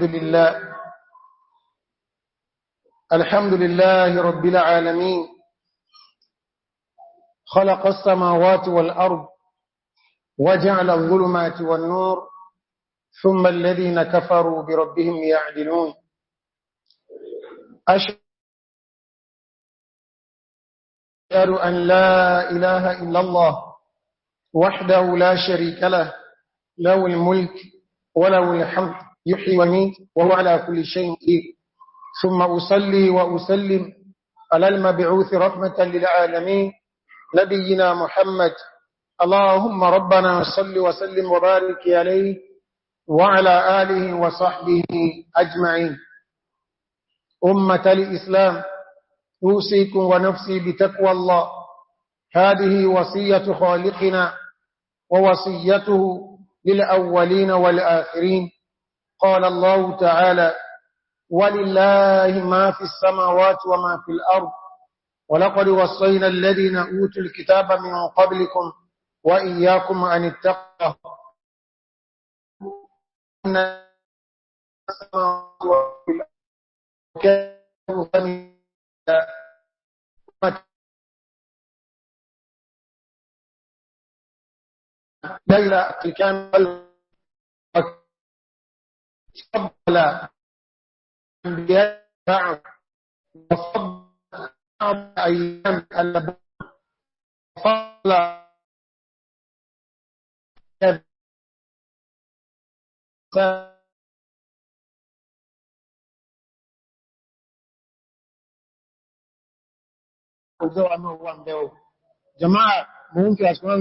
الحمد لله الحمد لله رب العالمين خلق السماوات والأرض وجعل الظلمات والنور ثم الذين كفروا بربهم يعدلون أشهد أن لا إله إلا الله وحده لا شريك له له الملك وله الحمد يحيي ويميت وهو على كل شيء ثم أصلي وأسلم على المبعوث رحمة للعالمين نبينا محمد اللهم ربنا صل وسلم وبارك عليه وعلى آله وصحبه أجمعين أمة الإسلام أوصيكم ونفسي بتقوى الله هذه وصية خالقنا ووصيته للأولين والآخرين قال الله تعالى ولله ما في السماوات وما في الأرض ولقد وصينا الذين أوتوا الكتاب من قبلكم وإياكم أن اتقوا أن السماوات وفي الأرض ليلة كان تقبل الأنبياء بعد وفضل بعد أيام الأبواب وفضل جماعة مهم في عشقنا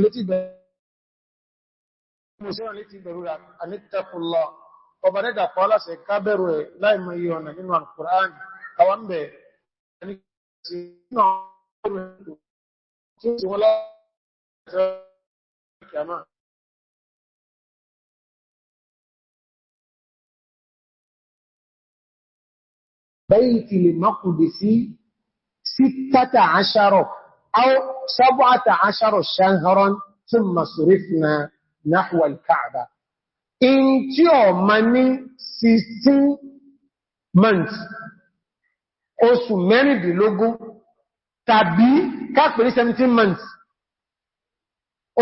التي ضرورة أن اتقوا الله ọba dẹ́dà pọ́lá sí kábẹ̀rù ẹ̀ láìmọ̀ iye ọ̀nà nínú Al-Qur'an àwọn bẹ̀ ẹni tí náà ọ̀rọ̀ ìlú tí ó ti wọ́n láti ọ̀rọ̀ Bayti al-Maqdisi sittata ashara aw sab'ata ashara shahran thumma surifna nahwa al-Ka'bah in tí ọ ma ní 16 months oṣù mẹ́rìndínlógún tàbí kápẹ̀lú 17 months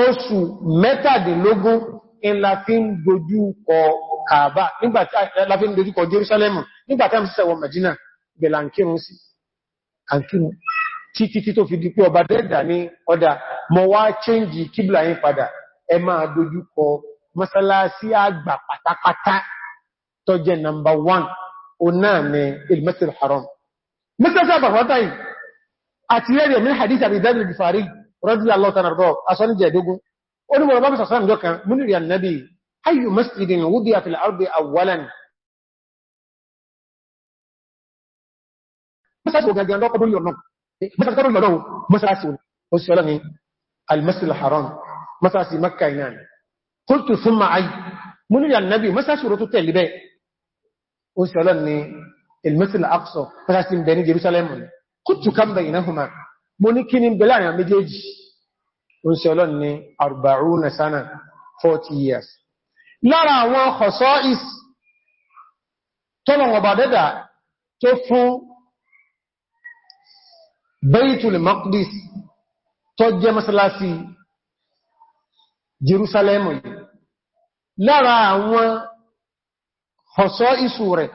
oṣù mẹ́tàdínlógún in la fi ń dojú kọ Kaaba nígbàtí la fi ń dojú kọ Jerusalem nígbàtí àmì sísẹ̀wọ̀ Medina bẹ̀lá ń kírun sí àkírun títí tó fi di pé ọba dẹ́dà ní ọdá mọ̀ wá change kíblà yín padà ẹ máa dojú kọ masalasi àgbà pátápátá tó jẹ́ nàmbà 1 o náà ni ilmasir haram masalasi àgbà pátápátá yìí àti rẹ̀rẹ̀ min hadith àbí ìdánilẹ̀ gifari radiyallahu ta'ala anhu aṣọ́ ní jẹ́dógún ó ní mọ̀rọ̀bá sọ̀sọ́ ìjọ kan múnirì annabi ayyu masjidin wudiya fil ardi awwalan masalasi ogangan lọ́kọ́ lórí ọ̀nà masalasi lọ́rọ̀ masalasi òṣìṣẹ́ ọlọ́ni almasir haram masalasi makka yìí قلت ثم عي من يا النبي ما شروط التلباء وسالني المثل الاقصى فاسم بين جيروسالم قلت كم بينهما من كين بلا يا ميجي وسالني 40 سنه 40 years lára àwọn khasa'is tọ́lọ̀ ọba dẹ́dà tó fún Baitul Maqdis tó jẹ́ masalasi Jerusalem yìí lára àwọn ọ̀sọ́ ìsù rẹ̀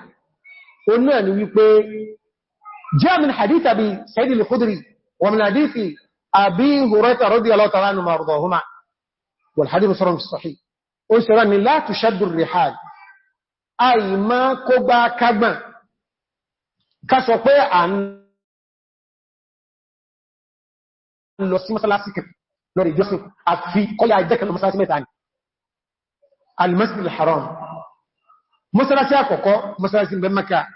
onú ẹni wípé jẹ́ min hadith àbí Sayyid al-Khudri wa min hadithi àbí Hurairah radiyallahu ta'ala anhu mardahuma wal hadith sọ́rọ̀ sahih ó sẹ́rọ ni la tushaddu ar-rihal àìmá kó bá kagbọn ká sọ lọ sí mọ́sálásí lọ́rẹ̀ ìjọsìn àfi kọ́yà ìjẹ́kẹ̀lọ́ mẹ́ta ni المسجد الحرام مسلسي أكوكو مسلسي بمكة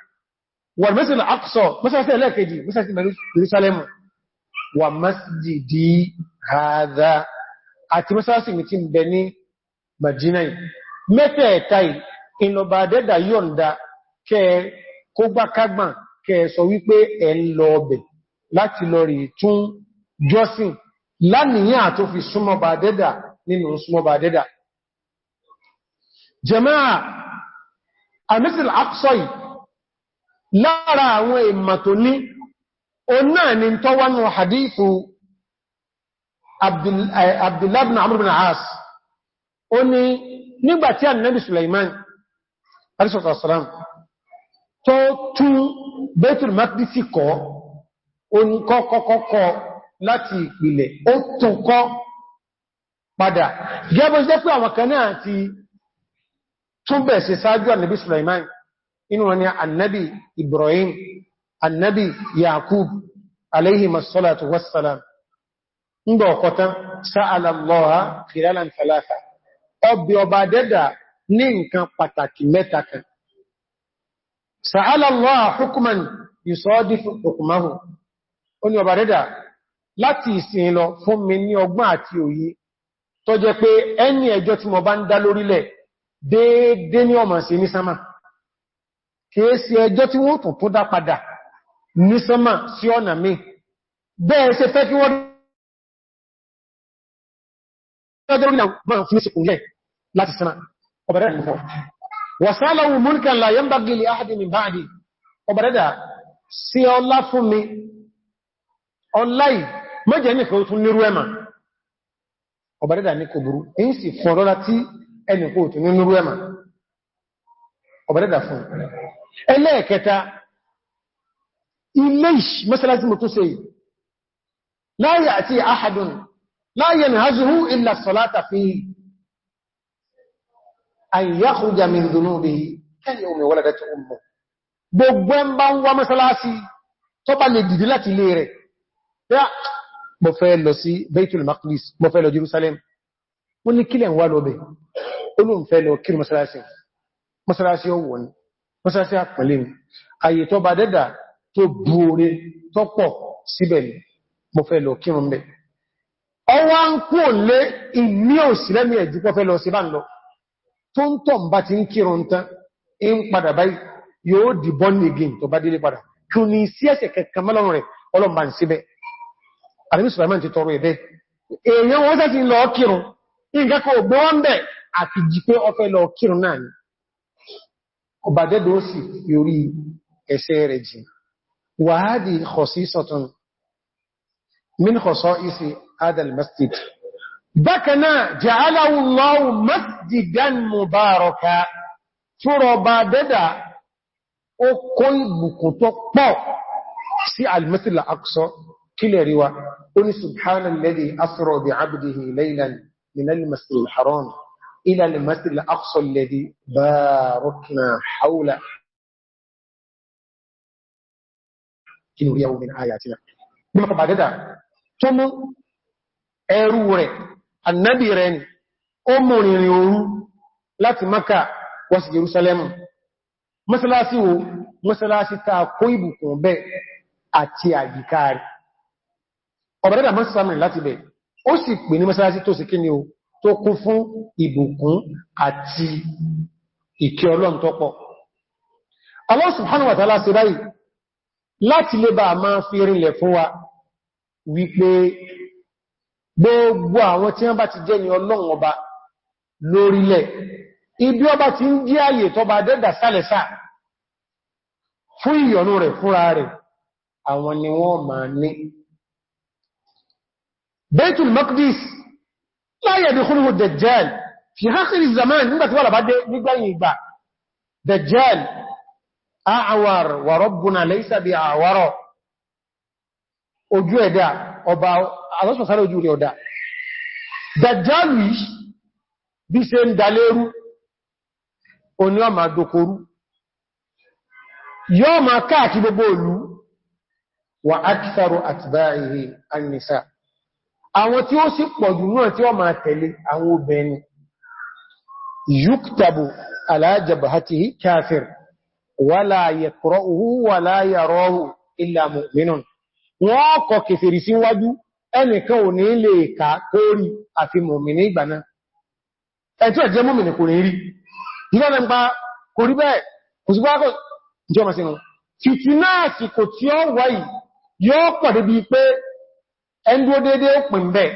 والمسجد الأقصى مسلسي لكدي مسلسي برسالم ومسجد هذا àti mẹ́sàásì mi ti ń bẹ ní Madinai mẹ́tẹ̀ẹ̀ta ìlọba àdẹ́dà yọ̀nda kẹ kó gbá kágbà kẹ sọ wípé ẹ lọ ọbẹ̀ láti lọ rí tún jọ́sìn láníyàn tó fi súnmọ́ba àdẹ́dà nínú súnmọ́ba àdẹ́dà jama'a amisil aksoi lára àwọn ìmà tó ní o náà ni tó wánú hadithu eh, abdullahi bin amur bin as o ni nígbàtí annabi suleiman arisotasalam tó tún betul makdisi kọ́ oníkọ́kọ́kọ́ láti ìpìlẹ̀ ó tún kọ́ padà gẹ́bọ́ sí pé àwọn kan náà ti tún bẹ̀ sí sáájú annabi Sulaiman inú wọn ni annabi Ibrahim annabi Yakub alayhi masalatu wassalam ń bọ̀ ọ̀kọ̀tán sa'alallaha kìrìyàn thalatha ọbí ọba dẹ́dà ní nǹkan pàtàkì mẹ́ta kan sa'alallaha hukuman yusadifu hukumahu ó ní ọba dẹ́dà láti ìsìn lọ fún mi ní ọgbọ́n àti òye tó jẹ́ pé ẹni ẹjọ́ tí mo bá ń dá lórílẹ̀ déédé ní ọmọ sí ní sánmà kìí sí ẹjọ́ tí wọ́n tún tó dá padà ní sánmà sí ọ̀nà mi bẹ́ẹ̀ ṣe fẹ́ kí wọ́n sí ọlá fún mi ọlá yìí mẹ́jẹ̀ nìkan ó tún nírú ẹ̀mà ọ̀bàdẹ́dà ní kò burú èyí sì fọ́n lọ́lá tí ẹni kò tún nínú rú ẹ̀mà ọ̀bẹ̀dẹ̀dà fún ẹlẹ́ẹ̀kẹta ilé mọ́sálásí mo tún ṣe láyé àti àhàdùn láyé ní hazuhu illa salata fi àyíyáhùjá min dhunubi kẹ́lẹ̀ omi waladatu ummu gbogbo ẹ bá ń wá mọ́sálásí tó bá lè dìdí láti ilé rẹ̀ mo fẹ́ lọ sí Baitul Maqdis mo fẹ́ lọ Jerusalem wọ́n ní kílẹ̀ ń wá lọ bẹ̀ẹ́ olóǹfẹ́ lọ kí mọ́sálásí mọ́sálásí ọwọ́ ni mọ́sálásí àpẹẹlẹ́ ni àyè tó bá dẹ́dà tó bú orí tó pọ̀ síbẹ̀ ni mo fẹ́ lọ kírun bẹ̀ ọwá ń kú lé ìní òsìlẹ́mì ẹ̀jú pọ́ fẹ́ lọ sí bá ń lọ tó ń tọ̀ bá ti ń kírun tán ń padà báyìí yóò di bọ́n again tó bá délé padà kí ní sí ẹ̀sẹ̀ kẹkàn mọ́lọ́run rẹ̀ ọlọ́mbà ń síbẹ̀ àdébí sùlẹ́mì ti tọrọ ẹ̀bẹ́ èèyàn àti jí pé ọfẹ́ lọ kírùn náà ni ọba dẹ́dọ̀ sì yorí ẹsẹ̀ rẹ̀ jì wàhádìí khasisatun min khasaisi adal masjid bákanáà ja'alahu Allahu masjidan mubaraka túrọ ọba dẹ́dà ó kó ìbùkún tó pọ̀ sí al-masjid al-aqsa kílẹ̀ ríwa ó إلى المسجد الأقصى الذي باركنا حوله لنريه من آياتنا bí mọ́kànlá dẹ́dà tó mú ẹrú rẹ̀ annabi rẹ̀ ni ó mú rìnrìn òru láti maka wá sí jerusalemu mọ́sálásí wo mọ́sálásí ta kó ìbùkún bẹ́ àti àyíká rẹ̀ ọ̀bẹ̀rẹ̀dà mọ́sálásí láti bẹ̀ ó sì pè ní mọ́sálásí tó sì kí ni o tó kún fún ìbùkún àti ìkẹ́ ọlọ́run tó pọ̀. Allah subhanahu wa ta'ala ṣe báyìí láti lè bá máa fi rinlẹ̀ fún wa wípé gbogbo àwọn tí wọ́n bá ti jẹ́ ni ọlọ́run ọba lórílẹ̀ ibi ọba ti ń jí ààyè tọba dẹ́dà sálẹ̀sà fún ìyọnú rẹ̀ fúnra rẹ̀ àwọn ni wọ́n máa ní Baitul Maqdis láyé ìdíkúrú dẹ̀jẹ́l fi hákìrì zaman nígbàtí wà lábádé nígbàyìn ìgbà dẹ̀jẹ́l àwàr wà rọ́bùnà lẹ́ìsà bí àwárọ̀ ojú ẹ̀dá ọba alọ́sọ̀sára ojú rẹ̀ ọ̀dá dẹ̀jẹ́l bí ṣe ń dalérú oní ọmọ dokoru annisa àwọn tí ó sì pọ̀jù náà tí wọ́n máa tẹ̀lé àwọn obìnrin yuktabu alájàbàtí káfir wala yaqra'uhu wala yarahu illa mu'minun wọ́n kọ kèfèrí síwájú ẹnìkan ò ní lè kà kórí àfi mọ̀mìnì ìgbà náà ẹ̀tọ́ ẹ̀jẹ́ mọ̀mìnì kò ní rí ẹn dúó dédé ó pín bẹ́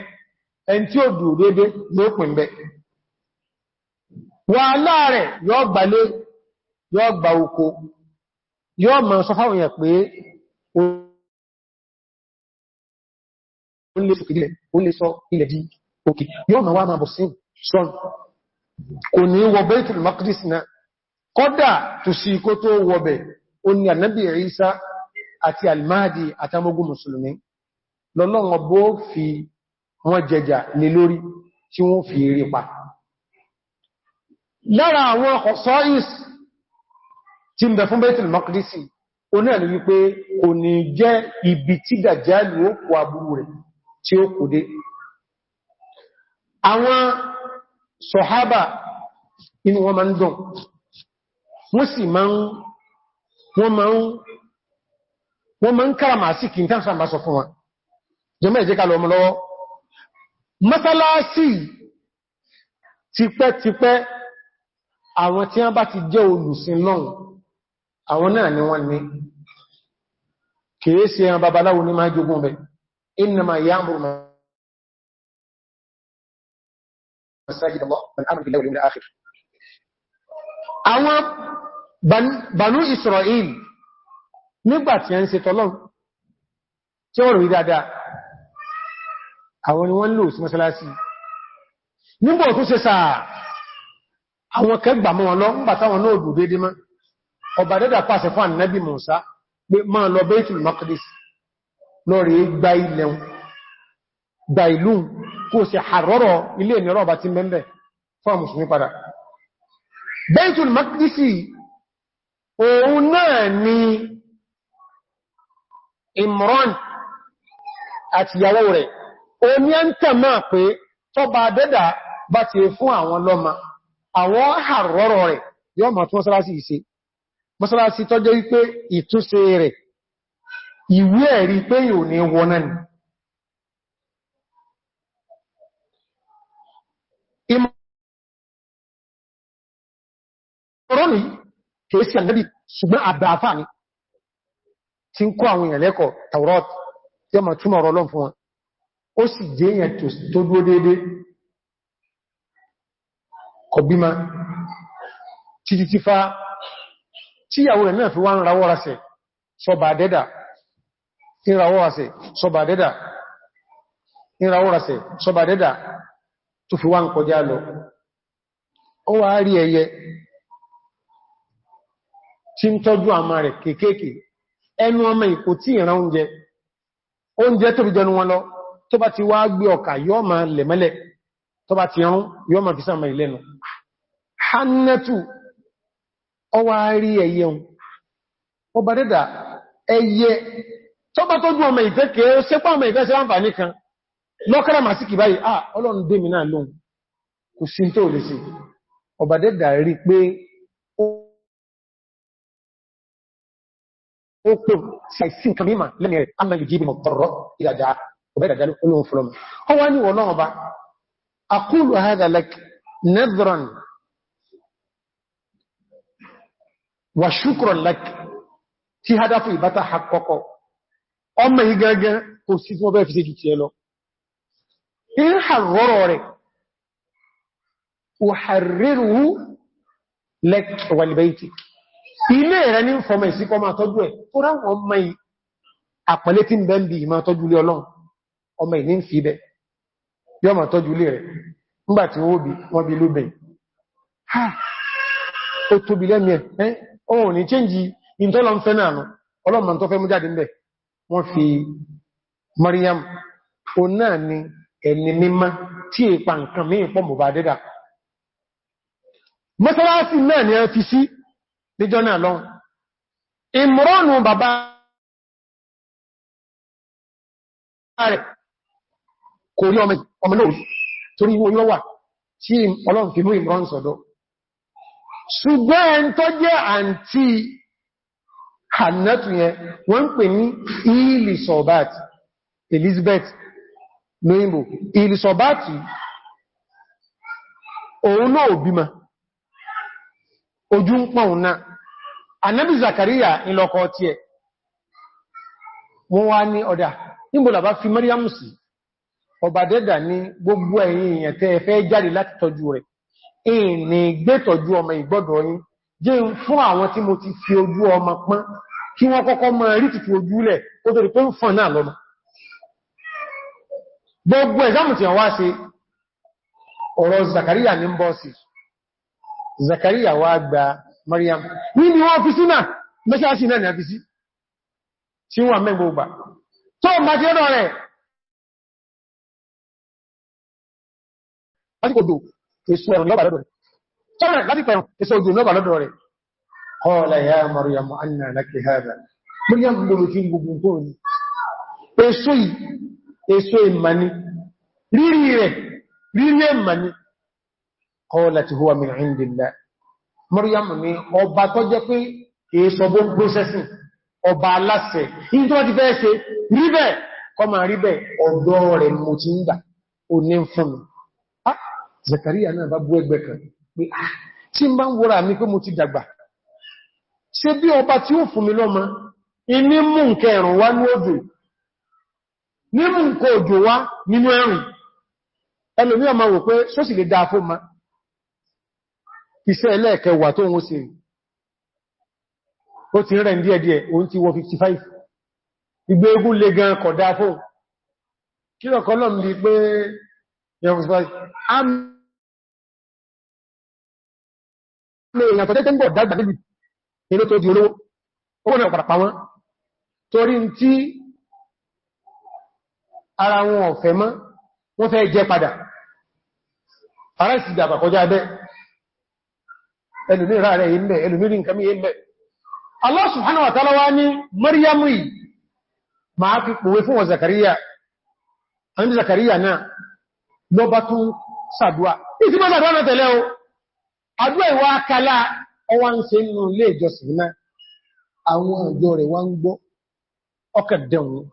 ẹn tí ó dédé ló pín bẹ́ wà láàrẹ̀ yóò gbalé yóò gba oko yóò mọ̀ sọ fáwọn èèyàn pé ó lè sọ ilẹ̀ di òkè yóò mọ̀ wá máa bọ̀ sí sọ́n kò ní wọ Baitul tó sí ikó tó wọ́bẹ̀ ó ní ànábì lọ́lọ́wọ́ bó fi wọ́n jẹjà lè lórí tí wọ́n fi rí pa. Lára àwọn ọ̀sọ́ìs tí ń bẹ fún Baitul Maqdisi, o náà ni wípé kò ní jẹ́ ibi tí dàjálù ó kò àbúrú rẹ̀ tí ó kò dé. Àwọn sọ̀hábà inú wọn máa ń dùn, wọ́n sì máa ń káràmà sí kìí tán sàmbásọ jẹmọ́ ìjẹ́ kalọ̀ ọmọ lọ́wọ́ mọ́sálásí tipẹ́tipẹ́ àwọn tí wọ́n bá ti jẹ́ olùsìn lọ́hùn àwọn náà ni wọ́n ní kìí sí ẹran babaláwo ní máa jogun bẹ̀ innama ya'muru masajid Allah man amara bil yawmil akhir àwọn Banu Isra'il nígbàtí ẹ ń tọ́lọ́n tí ó rí dáadáa àwọn ni wọ́n lò sí mọ́sálásí nígbò tó ṣe sáà àwọn kẹgbà mọ́ wọn lọ ń bàtà wọn náà dùdé dé mọ́ ọba dẹ́dà pàṣẹ fún ànábì Mùsá pé máa lọ Baitul Maqdis lọ rí gba ilẹ̀ gba ìlú kó ṣe àrọ́rọ̀ ilé àtìyàwó rẹ̀ o ní a ń tẹ̀mọ́ pé tọba dẹ́dà bá ti fún àwọn lọ́mà àwọn àrọ́rọ̀ rẹ̀ yọ́ ma tún mọ́sálásí ìse mọ́sálásí tó wípé ìtúnṣe rẹ̀ re ẹ̀rí pé yóò ní wọnà ni ìmọ̀rọ̀ ní kìí sí ànábì sugbon ya ma ó sì jẹ́ èyàn tó dúó dédé kọ̀bímá títí tí fa tíyàwó rẹ̀ náà fi wá ń sọba dẹ́dà ìrawọ́ rasẹ̀ sọba dẹ́dà sọba dẹ́dà tó fi wá ń kọjá lọ ó wá rí ẹyẹ tí ń tọ́jú àmà rẹ̀ kéékèèké ẹnu ọmọ ìkò tí ìran oúnjẹ oúnjẹ wọn tó bá ti wá gbé ọkà yọ́ ma lẹ̀mẹ́lẹ̀ tó bá ti rán yọ́ ma fi sáàmà ìlẹ́nu hannatu ọwá rí ẹyẹ ohun ọba dẹ́dà ẹyẹ tó bá tó dún ọmọ ìfẹ́ kẹ́ ó ọmọ ìfẹ́ sẹ́wọ́nfà nìkan lọ́kẹ́rẹ́ màá sí kì báyìí ah ọlọ́run dé mi náà lóhun وبارك له فلوم هو أني والله با أقول هذا لك نذرا وشكرا لك في هدف يبتا حققه أما يغاغا كوسيس مو بفي سيجو تيلو إن حرره أحرره لك ولبيتك ilé rẹ̀ ní fọmọ̀ ìsíkọ́ máa tọ́jú ẹ̀ tó ráwọn ọmọ àpẹẹlẹ́ tí ń bẹ́ ń bí ìmá tọ́jú lé ọlọ́run ọmọ ìní ń fi bẹ́ yọ́ ma tọ́jú ilé rẹ̀ nígbàtí ó bí wọ́n bí ló bẹ̀ ha ó tóbi lẹ́mí ẹ̀ ọ̀hún ní chẹ́njì ìntọ́lọ ń fẹ́ náà nù ọlọ́mà Maryam ó náà ni ẹni mímá tí èpa nǹkan mí ni ẹ fi sí níjọ́ náà lọ́n bàbá rẹ̀ kò rí ọmọ náà torí ìwò yóò wà tí ọlọ́run fi mú ìmọ̀ràn sọ̀dọ̀ ṣùgbọ́n ẹn tó jẹ́ àǹtí hannatu yẹn wọ́n ń pè ní ilisobat elizabeth noimbo ilisobat òun náà bímọ ojú ń pọ̀n náà zakariya ìlọ́kọ̀ ẹ̀ wọ́n wá ní ọba dẹ́dà ní gbogbo ẹ̀yin èèyàn tẹ́ fẹ́ jáde láti tọ́jú rẹ̀ ìní gbé tọ́jú ọmọ ìgbọ́dọ̀ yín jẹ́ fún àwọn tí mo ti fi ojú ọmọ pán kí wọ́n kọ́kọ́ mọ́ rí tìtì ojúlẹ̀ ó tó rí pé ń fọ́n náà lọ́nà gbogbo ẹ̀zámù tí wá ṣe ọ̀rọ̀ Zakaria ní bọ́ọ̀sì Zakaria wá gba Mariam ní ni wọ́n fi sí náà mẹ́ṣáṣì náà ní àfi sí tí wọ́n mẹ́gbogbo lásìkò dò èso ẹ̀rùn lọ́bà lọ́dọ̀ rẹ̀ tọ́rẹ̀ lásìkò ẹ̀rùn èso òjò lọ́bà lọ́dọ̀ rẹ̀ qala ya Maryam anna laki hadha Maryam gbogbo fi gbogbo tó ní èso yìí èso ìmàní rírí rẹ̀ rírí ìmàní qalat huwa min indillah Maryam ni ọba tó jẹ́ pé èso ń processing ọba aláṣẹ yìí tó wá ti fẹ́ ṣe rí kọ́ máa rí bẹ́ẹ̀ rẹ̀ mo ti ń gbà ò ní fún mi Zakaria náà bá bú ẹgbẹ́ kan pé ah tí ń bá ń wòrà mi pé mo ti dàgbà ṣe bí ọba tí ó fún mi lọ́mọ iní mú nkẹ ẹ̀rùn wá ní òjò ní mú nkẹ òjò wá nínú ẹ̀rùn ẹlòmí ọmọ wò pé sósì lè dáa fún ma iṣẹ́ ẹlẹ́ẹ̀kẹwà tó wọ́n ṣe ó ti rẹ̀ díẹ̀díẹ̀ òun ti wọ 55 ìgbé egún le gan kọ̀ dáa fún kí lọ́kọ́ lọ́m lè èèyàn tọ́tẹ́ ń bọ̀ dágbà níbi ilé tó di olówó owó náà pàpàá wọn torí tí ara wọn ọ̀fẹ́ mọ́ wọ́n fẹ́ jẹ padà ara ìsìdà àbàkọjá abẹ́ ẹlùmí ra rẹ̀ ilẹ̀ ẹlùmí rí nǹkan ilẹ̀ Allah subhanahu wa ta'ala wá ní Maryamu yìí máa fi pòwe fún wọn Zakariya àwọn Zakariya náà lọ bá tún sàdúwà ìsìnkú sàdúwà náà tẹ̀lé o àdúrà ìwà akálá ọwá ń ṣe nínú ilé ìjọsìn náà àwọn ọjọ́ rẹ̀ wá ń gbọ́ ọkàdẹ̀wọ̀n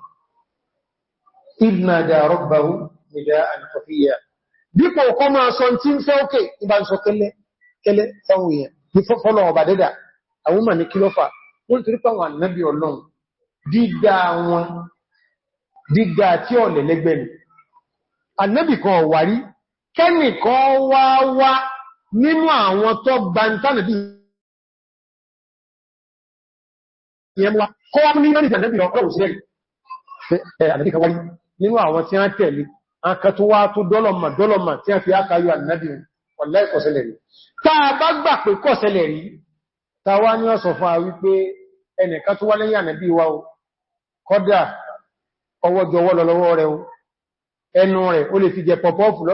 ìbìnàdà rọ́gbàwó nílẹ̀ àìkọ̀fíyà dípò kọ́ máa sọ tí ń fẹ́ òkè ìbá ń sọ kẹ́lẹ́ fáwọn èèyàn ní fọ́fọ́lọ́ ọba dẹ́dà àwọn mà ní kẹ́nìkan wá wá nínú àwọn tó gbantánàbí ìyẹmwa kọ́ wọ́n ní mẹ́rin ìjàndẹ́bì ọ̀rọ̀ òsìlẹ̀rì àdàdíkà wáyé nínú àwọn tí a tẹ̀lé aka tó wá tó dọ́lọ̀mà dọ́lọ̀mà tí a fi ákayọ ànàbì wallahi kò ṣẹlẹ̀ rí tá bá gbà pé kò ṣẹlẹ̀ rí ta wá ní ọ̀sọ̀ fún a wípé ẹnìkan tó wá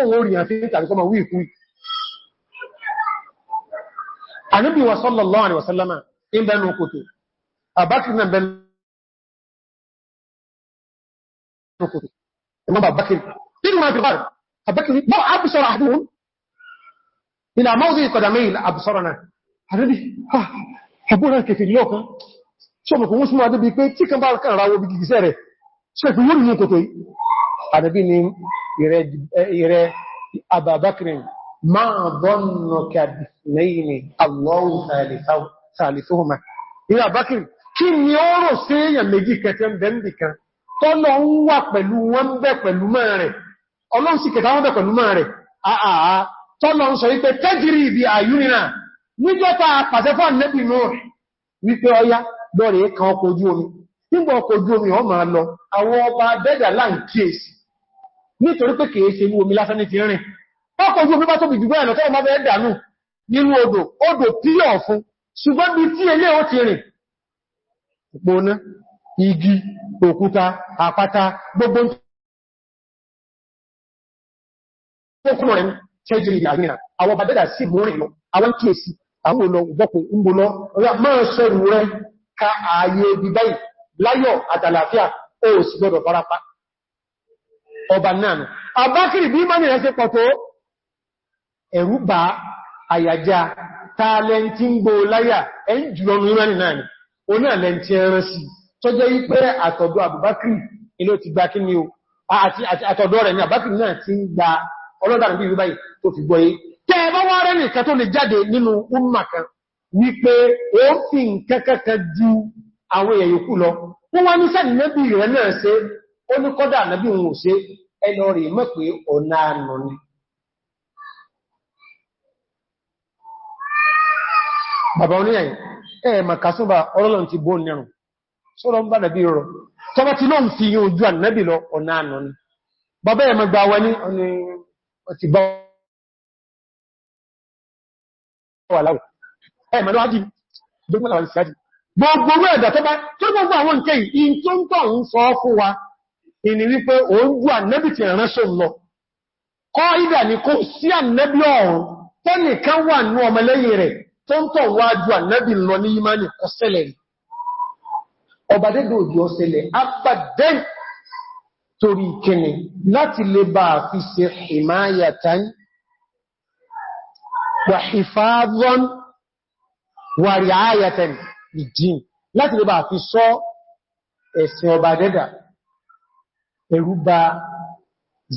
wọ́n orí àfi tàbí kọmọ wí ìkú Ànábì wa sallallahu alaihi wasallama in bẹnu kòtò àbákìrì náà bẹnu kòtò ìmọ́bà àbákìrì nínú wọn àbíbára àbákìrì mọ́ àbúsọ́rọ̀ àdúhùn ilẹ̀ àmọ́sí ìkọ̀dàmẹ́ ilẹ̀ àbúsọ́rọ̀ náà Ànábì àbúrà kẹfì lọ́kan tí ọmọ kò wọ́n súnmọ́ adébí pé tí kan bá kàn ráwọ́ bí gìgìsẹ́ rẹ̀ ṣe fi wọ́n ní kòtò yìí Ànábì ni ìrẹ àbàbákìrin máa bọ́nà kàbìsìnlẹ́yìnì Allahu sàlìsóhùnmá ìrẹ àbákìrin kí ni ó rò sí èyàn méjì kẹtẹ ń bẹ̀m̀bì kan tọ́lọ ń wà pẹ̀lú wọn bẹ̀ pẹ̀lú mọ́ rẹ̀ ọlọ́run sì kẹta wọn bẹ̀ pẹ̀lú mọ́ rẹ̀ àà tọ́lọ ń sọ wípé tẹ́jìrì ibi àyúnina níjọ́ta pàṣẹ fún ànẹ́bì náà wípé ọya lọ́rẹ̀ kan ọkọ̀ ojú omi nítorí pé o ṣe inú omi lásán ní ti rìn ọkọ̀ ojú omi bá tóbi jù bẹ́ẹ̀ lọ tọ́wọ́ bá bẹ́ẹ̀ dànù nínú odò odò píyọ̀ fún ṣùgbọ́n bí tí elé ó ti rìn gbóná igi òkúta àpáta gbogbo láyọ̀ àtàlàáfíà ó sì gbọ́dọ̀ farapa ọba náà àbákìrì bí mọ́ nìyàn sí pọ̀tó ẹ̀rù bá àyàjá tààlẹ́ntí ń gbò láyà ẹn jùlọ nìyàn náà ni ó náà lẹ́ntí ẹran sí tó jẹ́ wípé àtọ̀dọ̀ àbúbákìrì ilé ti gba o àtọ̀dọ̀ ni àbákìrì náà ti ń gba ọlọ́dàrùn bí ìrúbáyì tó fi gbọ́yé tẹ́ ẹ umma kan wípé ó fi nǹkan kankan ju àwọn èèyàn yòókù lọ wọ́n wá ní sẹ́ni nẹ́bì rẹ̀ náà ṣe ó ní kọ́dà nẹ́bì òun ò ṣe ẹlọ rí mọ́ pé ni bàbá oníyàn ẹ̀ màkásúnbà ọlọ́lọ́n ti bó nírùn sọ́rọ̀ ń bá dàbí rọ̀ tọ́bá ti lóòun fi yíò ojú ànábì lọ ọ̀nà ni bàbá ẹ̀ mọ́gbà wẹ́ ní ọ̀tí bá wà láwọ̀ ẹ̀ mẹ́lọ́ ìní wípé o ń jú ànẹ́bì ti ránṣọ́ lọ kọ́ ìdà ní kó sí ànẹ́bì ọ̀run tó nìkan wà ní ọmọlẹ́yìn rẹ̀ tó ń tọ̀ wá jú ànẹ́bì lọ ní ìmáni ọ̀sẹ̀lẹ̀ ọbadẹ́dẹ̀ ìdín láti lè bá fi sọ ẹ̀sìn ọba dẹ́dà ẹ̀rù bà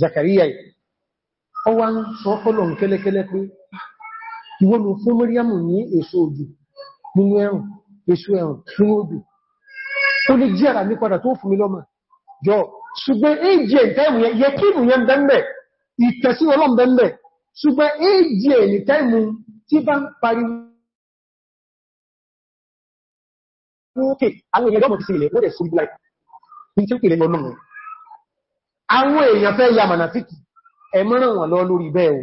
Zakariya ọ wá ń sọ ọlọ́run kẹ́lẹ́kẹ́lẹ́ pé ìwọ́n ló fún Mẹ́ríàmù ní èso òjò nínú ẹ̀rùn èso ẹ̀rùn nínú òjò ó lè jí ara mi padà tó fún mi lọ́mà jọ ṣùgbọ́n èjì ẹ̀ntẹ́mù yẹ kí ìrù yẹn bẹ́m̀bẹ̀ ìtẹ̀sí ọlọ́m bẹ́m̀bẹ̀ ṣùgbọ́n èjì ẹ̀ntẹ́mù àwọn èèyàn fẹ́ ya mànàfíkì ẹmọ́ràn wọn lọ lórí bẹ́ẹ̀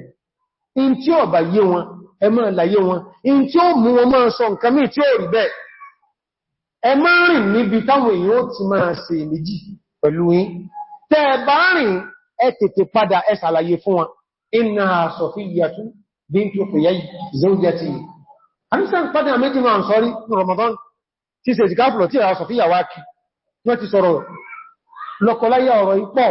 in tí ó bá yé wọn ẹmọ́ láyé wọn in tí ó mú wọn máa sọ nǹkan mí tí ó rí bẹ́ẹ̀ ẹmọ́rìn níbi táwọn èèyàn ti máa se méjì pẹ̀lú yín tẹ́ bá rìn ẹ tètè padà ẹ ṣàlàyé fún wọn inna Sofiyyatu bintu Huyay zawjati àrísàn padà méjì máa ti ọ̀rọ̀ ipọ̀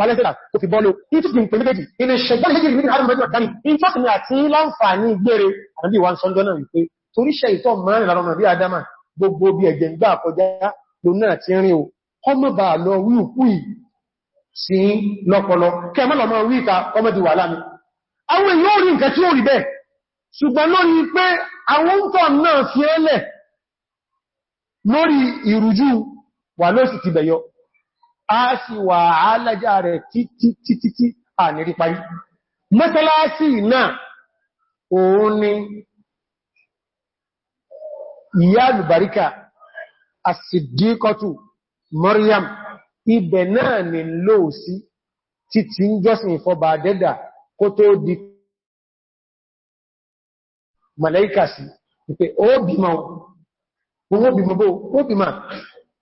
balẹ́sẹ̀dà kò fi bọ́lò ìtìsìn pẹ̀lẹ́dì ilẹ̀ ṣẹ̀gbọ́n ìhẹ́jì ìrìnlẹ̀ àrùn mẹ́jọ àdáni ìtọ́sìn àti láǹfààní gbére àbí wọn sọ́njọ́ náà wípé toríṣẹ́ ìtọ́ mọ́rin ìlànà bí adama gbogbo bí ẹ̀jẹ̀ gbà kọjá ló náà ti rìn o ọmọ bà lọ wíwú sí lọ́pọlọ kẹmọ́lọ́mọ wíta ọmọ di wàhálà mi àwọn èèyàn orí nǹkan tí ó rí bẹ́ẹ̀ ṣùgbọ́n lórí pé àwọn ń tọ́ ìrújú wà ló ti bẹ̀yọ a sì wà alájá rẹ̀ títítítí à ní rí parí mọ́sálásí náà òun ni ìyá àlùbáríkà àsìdíkọtù Maryam ibẹ̀ náà ni lóò sí títí ń jọ́sìn ìfọba dẹ́dà kó tó di màláíkà sí ìpé ó bímọ ó bímọ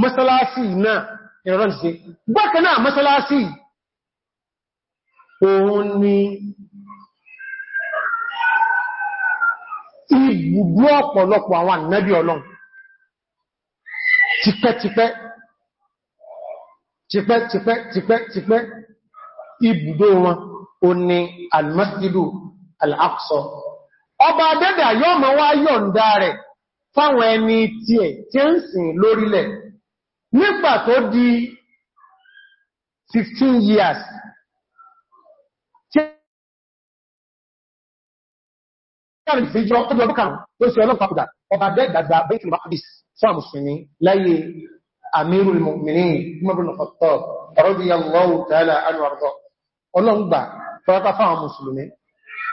mọ́sálásí náà ìrọ̀rọ̀ ṣe bákan náà mọ́sálásí òun ni ibùdó ọ̀pọ̀lọpọ̀ àwọn ànábì Ọlọ́run tipẹ́tipẹ́ tipẹ́tipẹ́ tipẹ́tipẹ́ ibùdó wọn o ni almasjidu al-aqsa ọba adẹ́dà yọ́ ma wá yọ̀ǹda rẹ̀ fáwọn ẹni tí ẹ̀ tí ń sìn lórílẹ̀ nígbà tó di 15 years tí a rí ìfẹ́jọ́ tó lọ́dún kan ló sí ọlọ́pàá kùdà ọba dẹ́gbàgbà bẹ́ẹ̀kì mahadis fún àmùsùnmí láyé amirul mu'minin mọ́bìnà fọ́tọ̀ radiyallahu ta'ala anhu àrùdọ́ ọlọ́ngbà fọ́rọ́ta fáwọn mùsùlùmí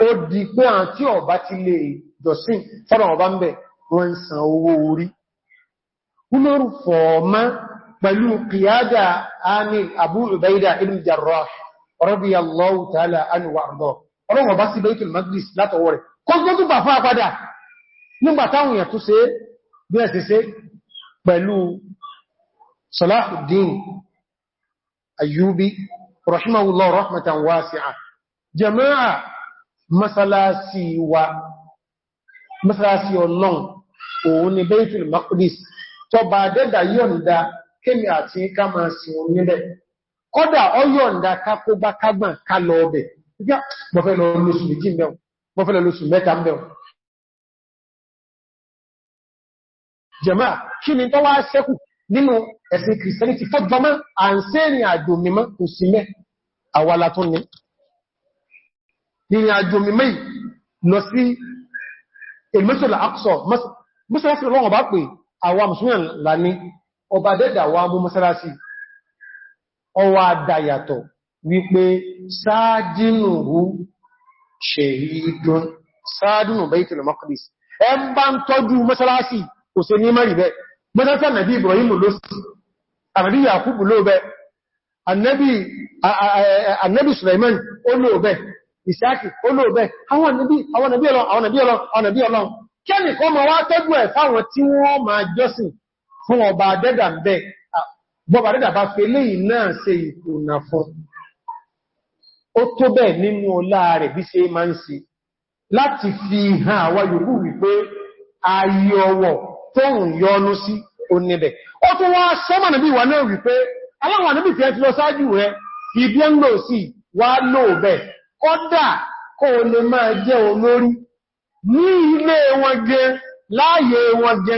ó di pé àwọn tí ọba ti lè jọsìn fọ́nà ọba ń bẹ̀ wọ́n san owó orí. Wúlórù fọ́ọ̀má pẹ̀lú qiyada amir abu ubaida ibn jarrah radiyallahu ta'ala anhu wa arda ọlọ́wọ̀ bá sí baitul maqdis látọwọ́ rẹ̀ kọ́gbọ́n tó bàfá padà nígbà táwọn èèyàn tó ṣe bí ẹ̀sẹ̀ ṣe pẹ̀lú salahuddin ayyubi rahimahullah rahmatan wasi'a jama'a masalasi wa masalasi ọlọ́run òun ni baitul maqdis kémi àti ká máa sin omi níbẹ̀. Kọ́dà ọyọ̀ ǹdà kákó bá kágbọ̀n ká lọ ọbẹ̀. Ìgbà mọ́fẹ́ lọ lóṣù méjì mẹ́wọ̀n, mọ́fẹ́ lọ lóṣù mẹ́ta mẹ́wọ̀n. Jẹ̀má, kí ni tọ́wọ́ sẹ́kù nínú ẹ̀sìn Kìrìsìtẹ́nìtì fọ́jọmọ́ à ń sé ìrìn àjò mímọ́ kò sí mẹ́ àwàlà tó ní. Ìrìn àjò mímọ́ yìí lọ sí Èmẹ́sọ̀lá Aksọ̀, mọ́sọ̀lá sí ọlọ́run bá pè àwọn Mùsùlùmí ọba dẹ́dà wa mú mọ́sálásí ọwà àdáyàtọ̀ wípé sáàdínúhu ṣèhìdún sáàdínú Baitul Maqdis ẹ ń bá ń tọ́jú mọ́sálásí kò sí ní mẹ́rì bẹ́ mọ́sálásí ànàbí Ibrahim ló sí ànàbí Yakubu ló bẹ́ ànàbí Sulaiman ó ló bẹ́ Ìsáàkì ó ló bẹ́ àwọn ànàbí ọlọ́run kẹ́nìkan ma wá tọ́jú ẹ̀ fáwọn tí wọ́n ma jọ́sìn fún ọba adẹ́dà ń bẹ́ bọ́bà adẹ́dà bá fẹ́lẹ̀ náà ṣe ìkùnà fún ó tó bẹ́ nínú ọlá rẹ̀ bí ṣe máa ń láti fi hàn àwa yòókù wípé tó ń sí oníbẹ̀ ó wá sọ́mọ̀ ní ilé wọn jẹ láàyè wọn jẹ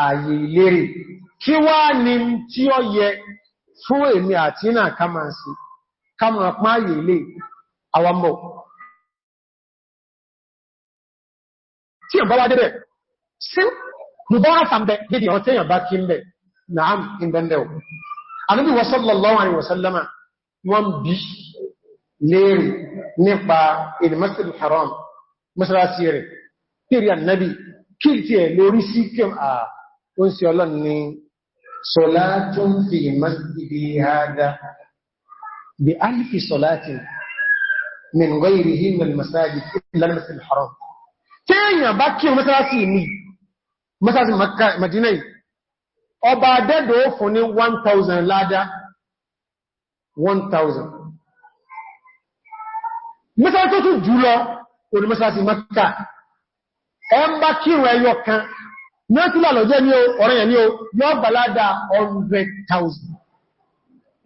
ààyè ìlérè kí wá ní tí ó yẹ fún èmi àti náà ká máa sí ká máa pán ààyè ilé àwọmọ̀ tí yàn wá débẹ̀ sí mú bá wá sàmbẹ̀ ọ̀tí yàn bá kí ń bẹ̀ na'am ìbẹ̀ndẹ̀ ò Ànábì wa wasallama wọ́n bí léèrè nípa ìdìmọ́sílù haram mọ́sálásí rẹ̀ pèrè Ànábì kí tí ẹ̀ lórí sí kí àà ó ń sí ọlọ́run ni sọ̀látún fi masjidi hada bí alifi sọ̀látin min gairi himmel masajid lalmasin haram tí èyàn bá kí o mẹ́sàásì ní mẹ́sàásì madinai fún ní 1000 ládá 1000 mẹ́sàásì tó tún jùlọ orí mẹ́sàásì makka ẹ ń bá kí ẹyọ kan nọ́tílà lọ jẹ́ ní ọ̀rẹ́ yẹn ní o yọ́ gbàládà 100,000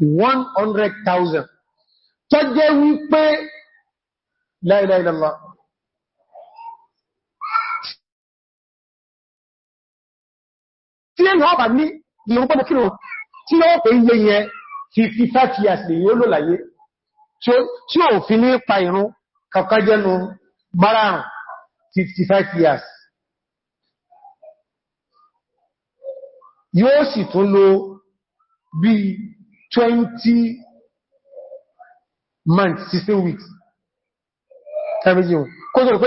100,000 tó jẹ́ wípé la ilaha illallah tí ẹni ọba ní ìlú pọ́mọ̀ kí lọ tí ó pè yẹ yẹ 55 years lè yóò lò láyé tí ó fi ní pa ìrún kọ̀kọ́ jẹ́nu márààrùn 55 years yóò sì tún lo bí 20 months 16 weeks tàbíjì wọn kó tó pé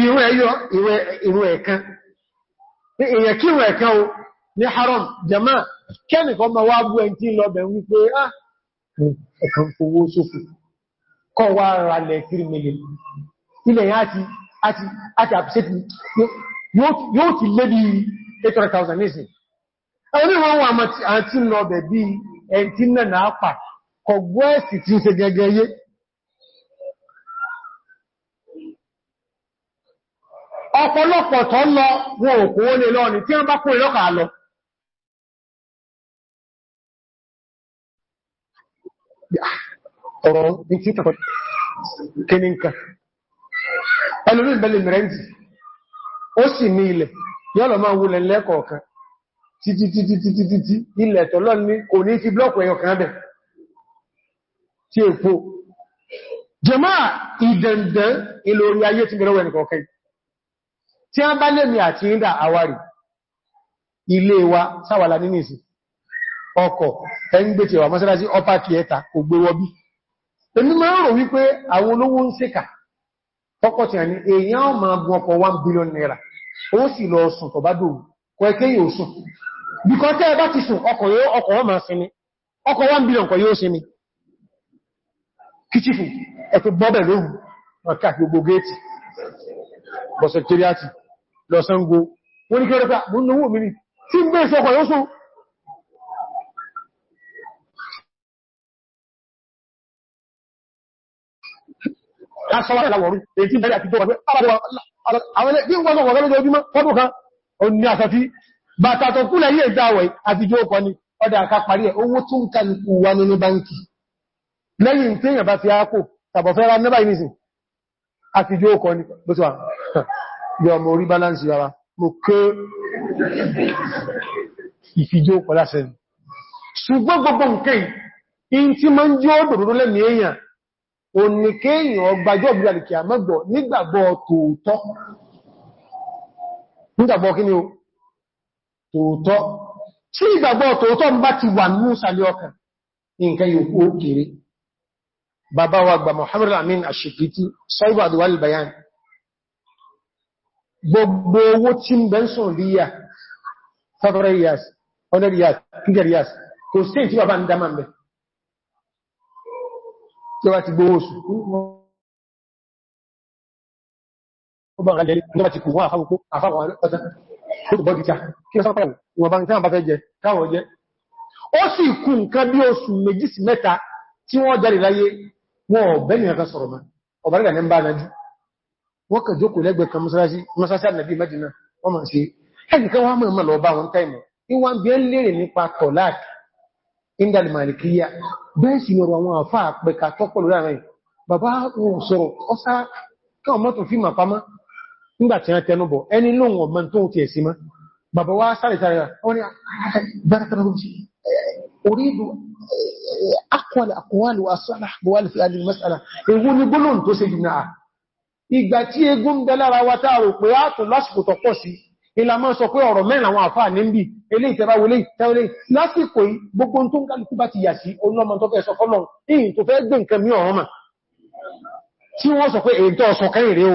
irú ẹ̀yọ́ irú ẹ̀kan èyàn kí irú ẹ̀kan o ní haram jama kẹ́nìkan ma wá bú ẹn tí lọ́bẹ̀ wípé ah ẹ̀kan fowó sófò kọ́ wá ra lẹ̀ 3 million ilẹ̀ yá ti àti àpìsẹ́tì yóò ti lé bí 800,000 nísìnyí oníwọ̀n wọn àti lọ́bẹ̀ bí ẹ̀ntí náà kọ̀gbọ́ ẹ̀sì tí ó ṣe gẹ́gẹ́ yé ọ̀pọ̀lọpọ̀ tọ́ lọ wọn òkú lè lọ ní tí wọ́n bá kó ìlọ́kà lọ ọ̀rọ̀ ní tí tàbí kíníkà ẹlùmí títí títí títí títí ilẹ̀ tọ́lọ́ ní kò ní fi blọ́ọ̀kù ẹyọ kan bẹ̀ tí èpo jẹmọ́ ìdẹ̀ndẹ̀ ilẹ̀ orí ayé ti bẹ̀rẹ̀ wẹ̀nì kọ̀ọ̀kẹ́ tí a bá lẹ́mì àti ìrìndà àwárí ilé wa sáwàlá nínìsì ọkọ̀ ẹgbẹ̀tẹ̀wà mọ́sálásí ọpá kìẹta kò gbé wọ́bí èmi máa ń rò wípé àwọn olówó ń ṣèkà ọkọ̀ tí a ní èèyàn máa bíkọ́ tẹ́ ẹbá ti sùn ọkọ̀ yóò ọkọ̀ wọ́n máa sinmi ọkọ̀ 1 billion kọ̀ yóò sinmi kìchìfù ẹ̀tọ́ bọ́bẹ̀ lóhun ọ̀kà gbogbo gẹ́ẹ̀tì bọ̀sẹ̀kìríàtì lọ́sángo wọ́n ní kí bàtà tó kúlẹ̀ ilé ìdáwẹ̀ àti jó ọkọ̀ ni ọdá àká parí ẹ̀ owó tún ká ní kú wá nínú báńkì lẹ́yìn tí èyàn bá fi ákò tàbọ̀fẹ́ra nẹ́bà ìmìsìn àti jó ọkọ̀ ni bó ti wà yọ mọ̀ orí báláǹsì rárá mo ké ìfijó ọkọ̀ nígbàgbọ́ kí ni o tòótọ́ tí ìgbàgbọ́ tòótọ́ ń bá ti wà ní ìsàlẹ̀ ọkàn nǹkan yòókù ó kéré bàbá wa gbà Muhammad Amin Ash-Shikiti sọ́ìbà àdúwàlì bayan gbogbo owó tí ń bẹ́ǹsùn ríyà 500 years 100 years 200 years kò sí ìtí bàbá ń dámà mẹ́ fúrùbọ́dìtà kí lọ sápàá ìwọ̀n bá ń tán àbáfẹ́ jẹ káwọ̀ jẹ ó sì kú nǹkan bí oṣù méjì sí mẹ́ta tí wọ́n jáde láyé wọn ọ̀bẹ́ni ẹ̀kan sọ̀rọ̀ ma ọ̀bárẹ́dà ní ń bá lẹ́gbẹ̀ẹ́ kan mọ́sálásí mọ́sálásí mẹ́jìnà wọ́n wọ́n ọba wọn táìmù bí ẹn nípa bẹ́ẹ̀ ọ̀rọ̀ àwọn nígbàtí wọ́n tẹnubọ̀ ẹni lóhun ọmọ tó ti ẹ̀sí mọ́ bàbá wá sáré sáré wọ́n ni orídù akọ̀lẹ̀ àkọwàlù asọ́lá buwálì mẹ́sàlá ewu ni gbólóhùn tó ṣe jùmọ́ ìgbà tí wa táàrò pé á tún lásìkò tó pọ̀ sí ilá máa sọ pé ọ̀rọ̀ mẹ́rin àwọn àfáà ní bí ilé ìtẹ́bá wọlé ìtẹ́wọlé lásìkò yìí gbogbo tó ń kálukú bá ti yà sí onúọmọ tó fẹ́ sọ fọ́lọ̀ ìyìn tó fẹ́ gbé nǹkan mí tí wọ́n sọ pé èyí tó sọ kẹ́yìn o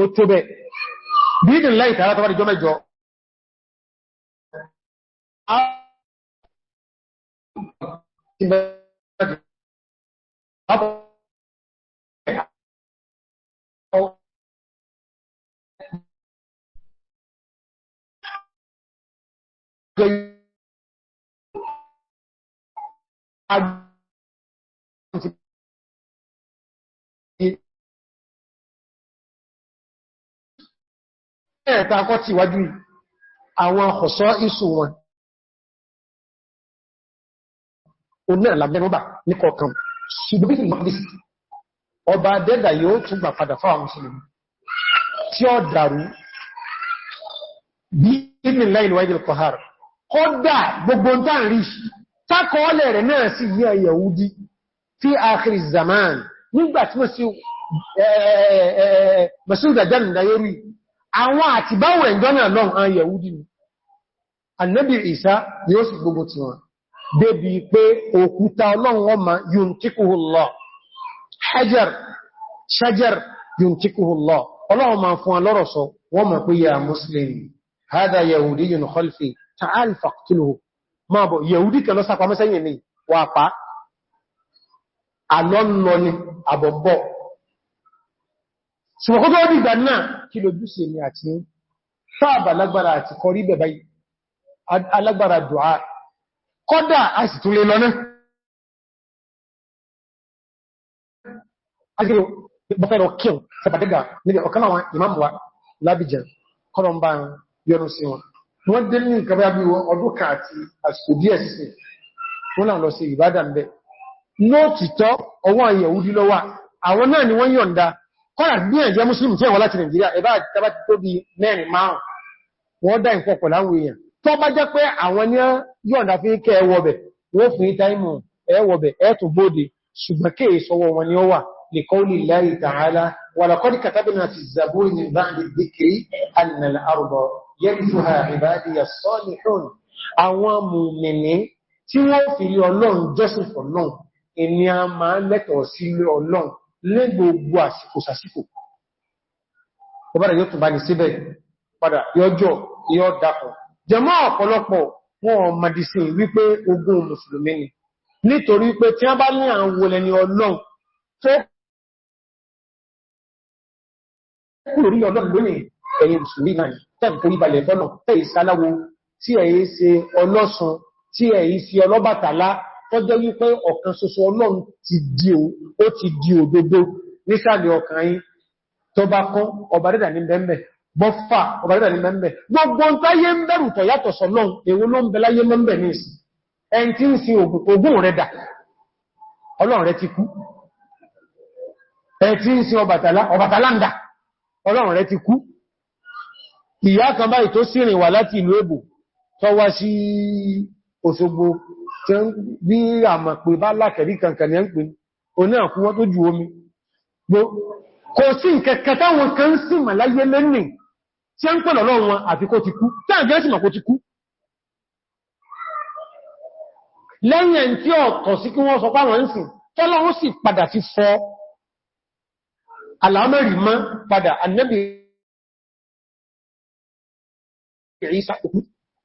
ó tó bẹ́ bí i láì tààrà tọ́wà ìjọ mẹ́jọ Agbe mẹ́tẹ̀ẹ̀ta kọ́ ti wájú àwọn ọ̀sọ́ ìsù wọn onáà lábẹ́rọ́bà ní kọ̀ọ̀kan ṣùgbọ́n mọ́bís ọba dẹ́dà yóò tún gbà padà fáwọn mùsùlùmí tí ó dàrú bí ìdìn láìlú wáyé kọ̀hár kọ́dà gbogbo táàrí tákọọ́lẹ̀ rẹ̀ náà sì yí Yahudi fi akhir zaman nígbàtí àwọn àti báwò ẹ̀jọ́nà lọ́n àwọn yẹ̀wúdí ni annabi isa ni ó sì gbogbo ti wọn débi pé òkúta ọlọ́run ọmọ yuntikúhùlọ́ hajar shajar yuntikúhùlọ́ ọlọ́run ma fún alọ́rọ̀ sọ wọ́n ma pé ya muslim hada yahudi yun khalfi ta'al faqtulhu ma kan lọ sápa ni wà pa alọ́lọ́ ni àbọ̀bọ̀ ṣùgbọ́n tó dìgbà náà kí lójú sí èmì àti ní sáàbà lágbára àti kọrí bẹ̀bá alágbára dùá kọ́dà àìsì tún lè lọ náà agbèrò bọ́fẹ́rọ kíun sẹpàdẹ́gà níbi ọ̀kan àwọn ìmáàmùwa lábìjẹ kọ́nàmbà yọnu sí wọn wọ́n dé ní nǹkan bí náà lọ sí Ìbàdàn bẹ́ lóòtítọ́ ọwọ́ Yẹhudi ló àwọn náà ni wọ́n yọ̀ǹda kọ́nà bí ẹ̀jẹ́ mùsùlùmí tí ẹ̀wọ̀ láti Nàìjíríà ẹ̀bá tàbá ti tó bí mẹ́rin márùn wọ́n dá ìpọ̀ pọ̀ láwọn èèyàn tó bá jẹ́ pé àwọn ní yọ̀nda fi kẹ́ ẹwọ̀bẹ̀ wọ́n fún ìtàìmù ẹwọ̀bẹ̀ ẹ̀tù bóde ṣùgbọ́n kéè sọwọ́ wọn ni ó wà li qawli Allahi ta'ala wa laqad katabna fi ní gbogbo àsìkò sàsìkò ọba rẹ̀ yóò tó bá ní síbẹ̀ padà yọjọ́ yọ dápọ̀ jẹmọ́ ọ̀pọ̀lọpọ̀ wọn ọmọdìsí wípé ogún mùsùlùmí ni nítorí pé tí wọ́n bá ní àwọn wọlẹ̀ni ọlọ́run tó kúrò ní ọlọ́run lónìí ẹ̀yin mùsùlùmí náà tẹ́bù kò ìbàlẹ̀ tó jẹ́ wípé ọ̀kan ṣoṣo ọlọ́run ti di o ó ti di òdodo nísàlẹ̀ ọkàn yín tó bá kọ́ ọba dẹ́dà ní bẹ́ẹ̀mẹ̀ bọ́fà ọba dẹ́dà ní bẹ́ẹ̀mẹ̀ gbogbo ń táyé ń bẹ̀rù tọ̀ yàtọ̀ sọ́lọ́run èwo ló ń bẹ láyé mọ́m̀bẹ̀ ní ìsìn ẹn tí ń sin ògùn rẹ̀ dà ọlọ́run tí ó bí àmà pé bá lákẹ̀rí kankan ní ẹ̀pìn oní àkúwọ́ tó ju omi kò sí nkẹ̀kẹ́ táwọn kan sí màláyé lẹ́nì tí ó ń pẹ̀lọ̀ lọ́wọ́ wọn àti kó ti kú táàgẹ́ sí màkó ti kú lẹ́yìn ẹn tí ọ̀tọ̀ sí kí wọ́n sọ páwọn ń sìn tọ́lọ́ ó sì padà ti fọ àlàmẹ́rì mọ́ padà annabi Ìsá òkú,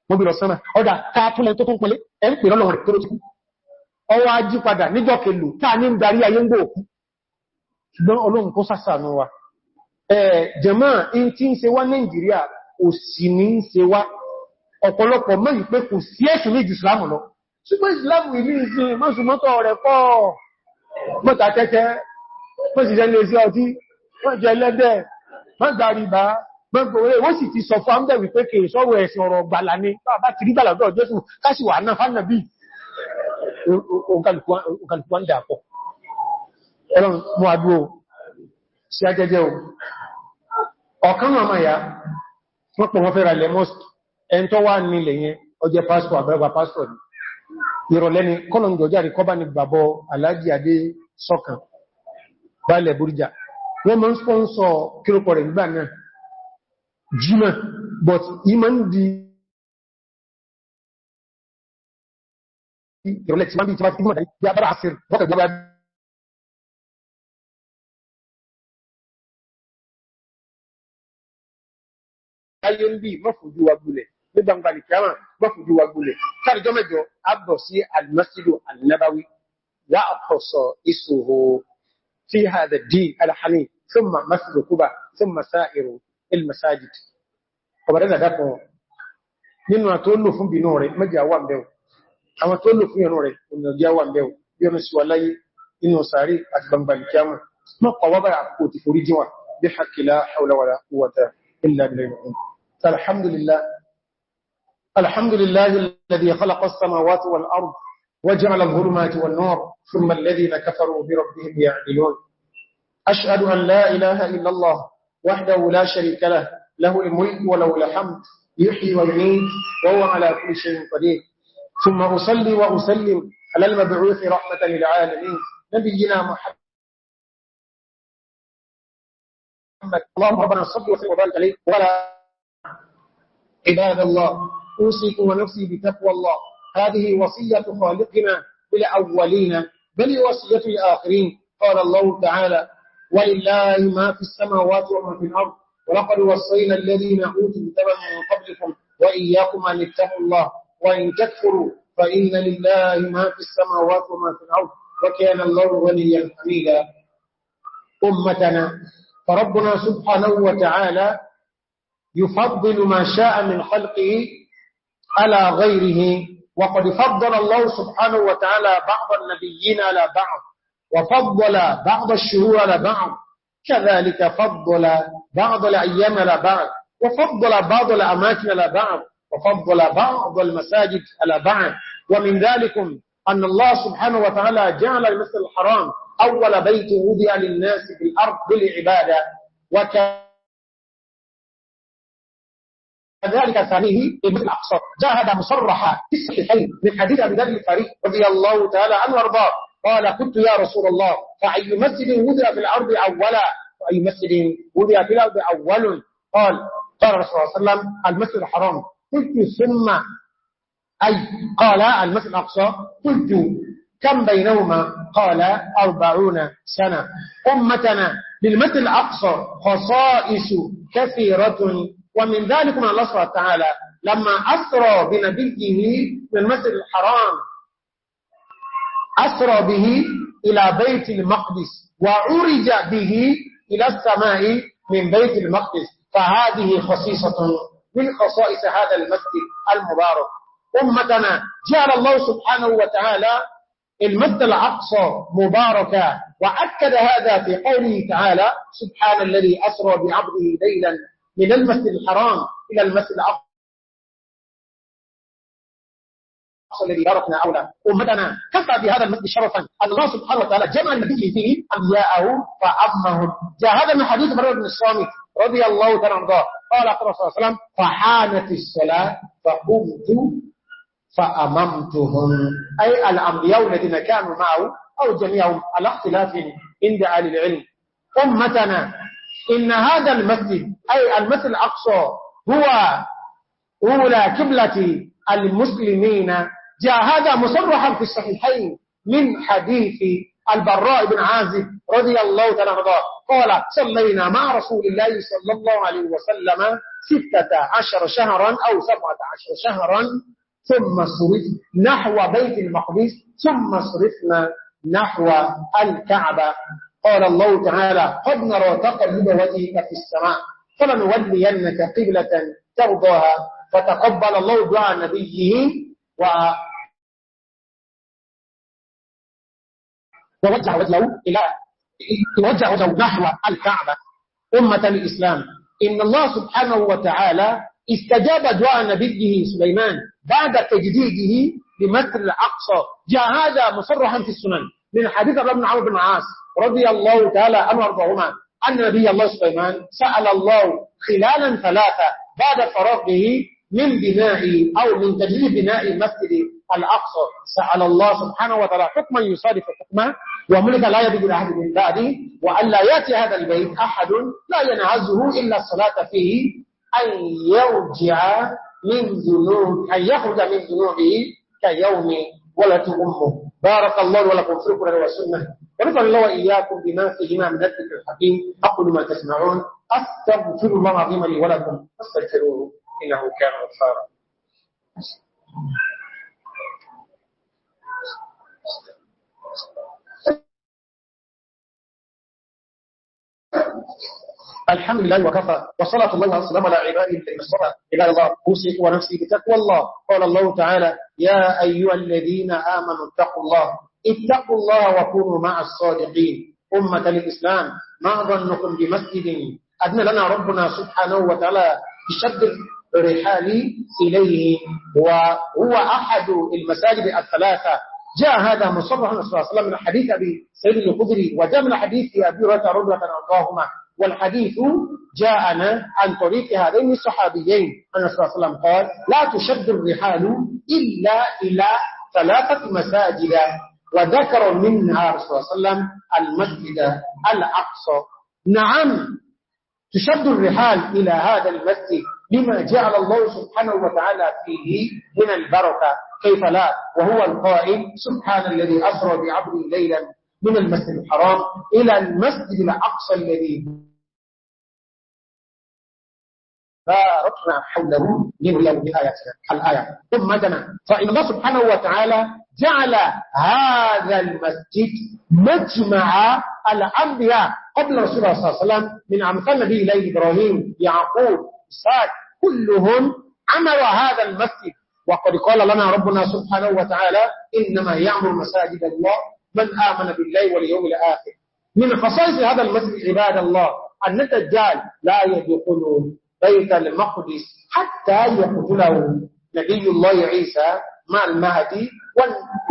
mo sánà, ọdá káàtúnlẹ̀ tó tún pẹ̀lẹ́ ẹ̀ ń pè lọ́lọ́wọ́ rẹ̀ kéré tí ọwọ́ ají padà níjọ́ kèlò tàà ní ń darí ayé ń gbò òkú ṣùgbọ́n ọlọ́run kó sàṣàánú wa jẹ̀mọ́ in tí ń ṣe wá Nàìjíríà ò sì ní ń ṣe wá ọ̀pọ̀lọpọ̀ mẹ́yìn pé kò sí ẹ̀sùn ní ìsìlámù lọ ṣùgbọ́n ìsìlámù ìlú ìsìn mọ́sùmọ́tọ̀ rẹ̀ pọ̀ mọ́ta tẹ́tẹ́ mọ́sìṣẹ́ lè sí ọtí mọ́jẹ lẹ́dẹ̀ mọ́gbàrìbá gbogbo wọ́n sì ti sọ fún àmdẹ̀ wípé kèè sọ́rọ̀ ẹ̀sìn ọ̀rọ̀ gbàlà ní bàbá ti rí gbàlà ọ̀dọ́ Jésù káṣì wà náà fánà bí òǹkàlùkù wọ́n dàpọ̀ ẹ̀rọ mú àdúró sí ajẹ́jẹ́ o ọ̀kan ọmọ ya wọ́n pọ̀ wọ́n fẹ́ra lẹ́mọ́st ẹn tó wà nílẹ̀ yẹn ọjẹ́ pásítọ̀ àbẹ́gbà pásítọ̀ ni ìrọ̀lẹ́ni kọ́lọ̀n jọjáre kọ́bá ni bàbọ̀ aláàjì adé sọ́kàn bálẹ̀ burújà wọ́n mọ́ ń spọ́nsọ̀ kírùkọ̀ rẹ̀ nígbà náà jímọ̀ but iman di ìrọ̀lẹ̀ tí wọ́n bí ìtìmá ìgbìmọ̀ tàbí gbábára àṣírí wọ́kẹ̀ gbábára ayé ń bí mọ́fùjú wa gúlẹ̀ ní gbangba ní kíyàmà mọ́fùjú wa gúlẹ̀ káàdìjọ́ mẹ́jọ àbọ̀ sí alìmọ́sílò alìnàbáwí ya àkọsọ̀ ìṣòho tí ثم مسجد ثم سائر المساجد ọbàdẹ́dà dákọ̀ nínú àtó lò fún bínú rẹ̀ mẹ́jẹ̀ àwọn bẹ̀rù àwọn tó lò fún ìrìnà rẹ̀ ònìyànjẹ́ àwọn bẹ̀rù bí ọmọ sí wà láyé inú sàárè àti gbangbàlì kíámù mọ́kọ̀ wábà àpò ti forí jíwà bí hakila haulawara wata illa bilirun alhamdulillah alhamdulillah alladhi khalaqa as-samawati wal ard وجعل الظلمات والنور ثم الذين كفروا بربهم يعدلون أشهد أن لا إله إلا الله وحده لا شريك له له الملك وله الحمد يحيي ويميت وهو على كل شيء قدير ثم أصلي وأسلم على المبعوث رحمة للعالمين نبينا محمد اللهم ربنا صل وسلم وبارك عليك ولا عباد الله أوصيكم ونفسي بتقوى الله هذه وصية خالقنا للأولين بل وصية الآخرين قال الله تعالى ولله ما في السماوات وما في الأرض ولقد وصينا الذين أوتوا الكتاب من قبلكم وإياكم أن اتقوا الله وإن تكفروا فإن لله ما في السماوات وما في الأرض وكان الله غنيا حميدا أمتنا فربنا سبحانه وتعالى يفضل ما شاء من خلقه على غيره وقد فضل الله سبحانه وتعالى بعض النبيين على بعض وفضل بعض الشهور على بعض كذلك فضل بعض الأيام على بعض وفضل بعض الأماكن على بعض وفضل بعض المساجد على بعض ومن ذلك أن الله سبحانه وتعالى جعل المسجد الحرام أول بيت وضع للناس في الأرض بالعبادة وكذلك ثانيه ابن الأقصر جاهد مصرحة في الصحيحين من حديث أبي ذر الفريق رضي الله تعالى عنه وارضاه قال قلت يا رسول الله فأي مسجد وضع في الأرض أولا وأي مسجد وضع في الأرض أول قال قال رسول الله صلى الله عليه وسلم المسجد الحرام قلت ثم أي قال المسجد الأقصى قلت كم بينهما قال أربعون سنة أمتنا للمسجد الأقصى خصائص كثيرة ومن ذلك من الله سبحانه وتعالى لما أسرى بنبيه من المسجد الحرام أسرى به إلى بيت المقدس وعرج به إلى السماء من بيت المقدس فهذه خصيصة من خصائص هذا المسجد المبارك أمتنا جعل الله سبحانه وتعالى المسجد الأقصى مباركا وأكد هذا في قوله تعالى سبحان الذي أسرى بعبده ليلا من المسجد الحرام إلى المسجد الأقصى الأقصى الذي باركنا أولى أمتنا كفى بهذا المسجد شرفا الله سبحانه وتعالى جمع النبي فيه أنبياءه فأمهم جاء هذا من حديث برد بن الصامت رضي الله تعالى عنه قال أقرأ صلى الله عليه وسلم فحانت الصلاة فقمت فأممتهم أي الأنبياء الذين كانوا معه أو جميعهم على اختلاف عند أهل العلم أمتنا إن هذا المسجد أي المسجد الأقصى هو أولى كبلة المسلمين جاء هذا مصرحا في الصحيحين من حديث البراء بن عازب رضي الله تعالى عنه قال صلينا مع رسول الله صلى الله عليه وسلم ستة عشر شهرا أو سبعة عشر شهرا ثم صرف نحو بيت المقدس ثم صرفنا نحو الكعبة قال الله تعالى قد نرى تقلب وجهك في السماء فلنولينك قبلة ترضاها فتقبل الله دعاء نبيه ووجه وجهه إلى وجه وجهه نحو الكعبة أمة الإسلام إن الله سبحانه وتعالى استجاب دعاء نبيه سليمان بعد تجديده لمثل الأقصى جاء هذا مصرحا في السنن من حديث عبد بن عمرو بن عاص رضي الله تعالى عنه وارضاهما أن نبي الله سليمان سأل الله خلالا ثلاثة بعد فراغه من بناء أو من تجديد بناء مسجد الأقصر سأل الله سبحانه وتعالى حكما يصادف حكمه وملك لا يبدو لأحد من بعده لا يأتي هذا البيت أحد لا ينعزه إلا الصلاة فيه أن يرجع من ذنوب أن يخرج من ذنوبه كيوم ولد أمه بارك الله ولكم في القرآن والسنة الله وإياكم بما فيهما من ذلك الحكيم أقول ما تسمعون أستغفر الله العظيم لي ولكم فاستغفروه إنه كان غفارا الحمد لله وكفى وصلاة الله والسلام على عباده الذين الصلاه الى الله اوصي ونفسي بتقوى الله قال الله تعالى يا أيها الذين آمنوا اتقوا الله اتقوا الله وكونوا مع الصادقين أمة الإسلام ما ظنكم بمسجد أدنى لنا ربنا سبحانه وتعالى بشد رحالي إليه وهو أحد المساجد الثلاثة جاء هذا مصرحا صلى الله عليه وسلم من حديث أبي سيد الخدري وجاء من حديث أبي هريره رضي الله عنهما والحديث جاءنا عن طريق هذين الصحابيين أن صلى الله عليه وسلم قال لا تشد الرحال إلا إلى ثلاثة مساجد وذكر منها رسول الله صلى الله عليه وسلم المسجد الأقصى نعم تشد الرحال إلى هذا المسجد بما جعل الله سبحانه وتعالى فيه من البركة كيف لا وهو القائل سبحان الذي أسرى بعبده ليلا من المسجد الحرام إلى المسجد الأقصى الذي باركنا حوله لنلو بآياتنا الآية ثم دنا فإن الله سبحانه وتعالى جعل هذا المسجد مجمع الأنبياء قبل رسول الله صلى الله عليه وسلم من أمثال نبي إليه إبراهيم يعقوب الفساد كلهم عمر هذا المسجد وقد قال لنا ربنا سبحانه وتعالى إنما يعمر مساجد الله من آمن بالله واليوم الآخر من خصائص هذا المسجد عباد الله أن الدجال لا يدخل بيت المقدس حتى يقتله نبي الله عيسى مع المهدي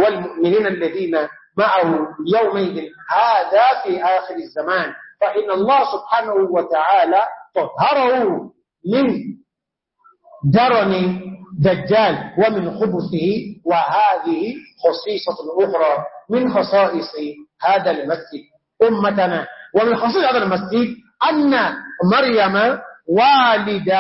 والمؤمنين الذين معه يومئذ هذا في آخر الزمان فإن الله سبحانه وتعالى طهره من درن دجال ومن خبثه وهذه خصيصة أخرى من خصائص هذا المسجد أمتنا ومن خصائص هذا المسجد أن مريم والد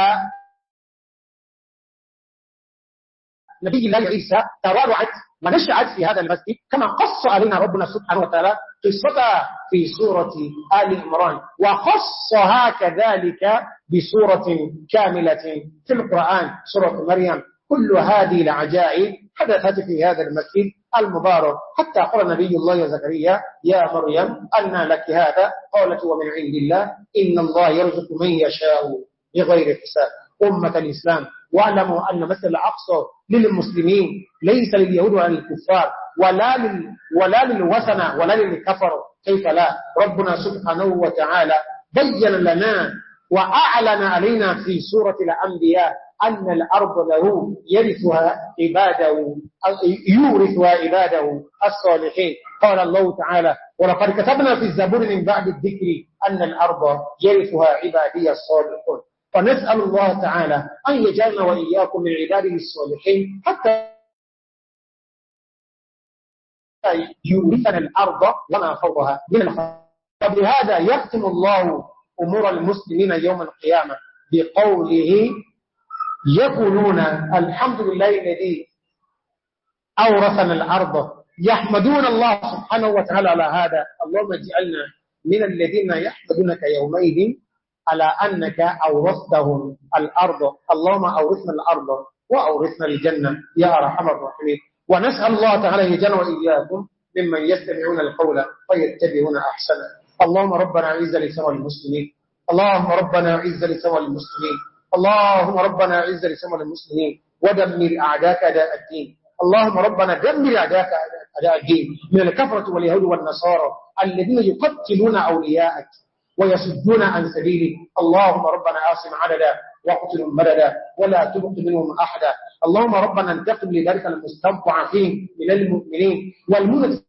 نبي الله عيسى تورعت ما ليش عجز في هذا المسجد كما قص علينا ربنا سبحانه وتعالى قصتها في سورة آل عمران وخصها كذلك بسورة كاملة في القرآن سورة مريم كل هذه العجائب حدثت في هذا المسجد المبارك حتى قال نبي الله زكريا يا مريم أن لك هذا قالت ومن عند الله إن الله يرزق من يشاء بغير حساب أمة الإسلام واعلموا أن مثل الأقصى للمسلمين ليس لليهود ولا للكفار ولا, لل ولا للوثنة ولا للكفر كيف لا ربنا سبحانه وتعالى بين لنا وأعلن علينا في سورة الأنبياء أن الأرض له يرثها عباده يورثها عباده الصالحين قال الله تعالى ولقد كتبنا في الزبور من بعد الذكر أن الأرض يرثها عبادي الصالحون ونسأل الله تعالى أن يجعلنا وإياكم من عباده الصالحين حتى يورثنا الأرض وما فوقها من الخير وبهذا يختم الله أمور المسلمين يوم القيامة بقوله يقولون الحمد لله الذي أورثنا الأرض يحمدون الله سبحانه وتعالى على هذا اللهم اجعلنا من الذين يحمدونك يومئذ على أنك أورثتهم الأرض اللهم أورثنا الأرض وأورثنا الجنة يا أرحم الراحمين ونسأل الله تعالى يجعلنا وإياكم ممن يستمعون القول فيتبعون أحسنه اللهم ربنا عز لسوى المسلمين اللهم ربنا عز لسوى المسلمين اللهم ربنا عز لسوى المسلمين ودمر أعداك أداء الدين اللهم ربنا دمر أعداك أداء الدين من الكفرة واليهود والنصارى الذين يقتلون أولياءك ويصدون عن سبيله اللهم ربنا آسم عددا واقتلهم مددا ولا تبق منهم أحدا اللهم ربنا انتقم لذلك المستنفعين من المؤمنين والمنس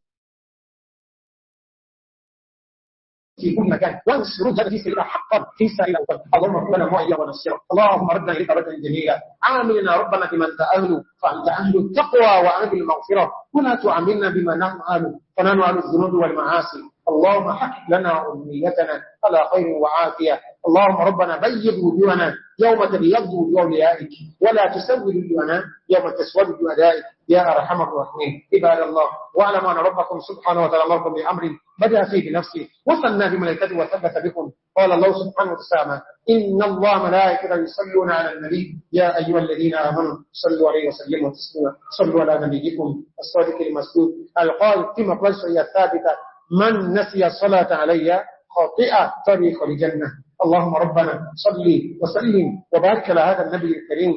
في كل مكان وانشر هذا في سبيل حقا في سبيل الوطن اللهم ربنا مؤيا ونصيرا اللهم ردنا اليك ردا جميلا عاملنا ربنا بما انت اهل فانت اهل التقوى واهل المغفره ولا تعاملنا بما نحن اهل فنحن الذنوب والمعاصي اللهم حق لنا أمنيتنا على خير وعافية اللهم ربنا بيض وجوهنا يوم تبيض وجوه أوليائك ولا تسود وجوهنا يوم تسود وجوه أدائك يا أرحم الراحمين عباد الله واعلم أن ربكم سبحانه وتعالى أمركم بأمر بدأ فيه بنفسه وصلنا بملكته وثبت بكم قال الله سبحانه وتعالى إن الله ملائكته يصلون على النبي يا أيها الذين آمنوا صلوا عليه وسلموا تسليما صلوا على نبيكم الصادق المسجود القائل في مقلسه الثابتة من نسي الصلاة علي خاطئة طريق لجنة اللهم ربنا صلي وسلم وبارك على هذا النبي الكريم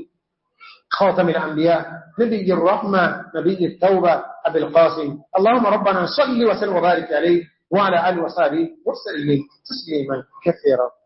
خاتم الأنبياء نبي الرحمة نبي التوبة أبي القاسم اللهم ربنا صلي وسلم وبارك عليه وعلى آله وصحبه وسلم تسليما كثيرا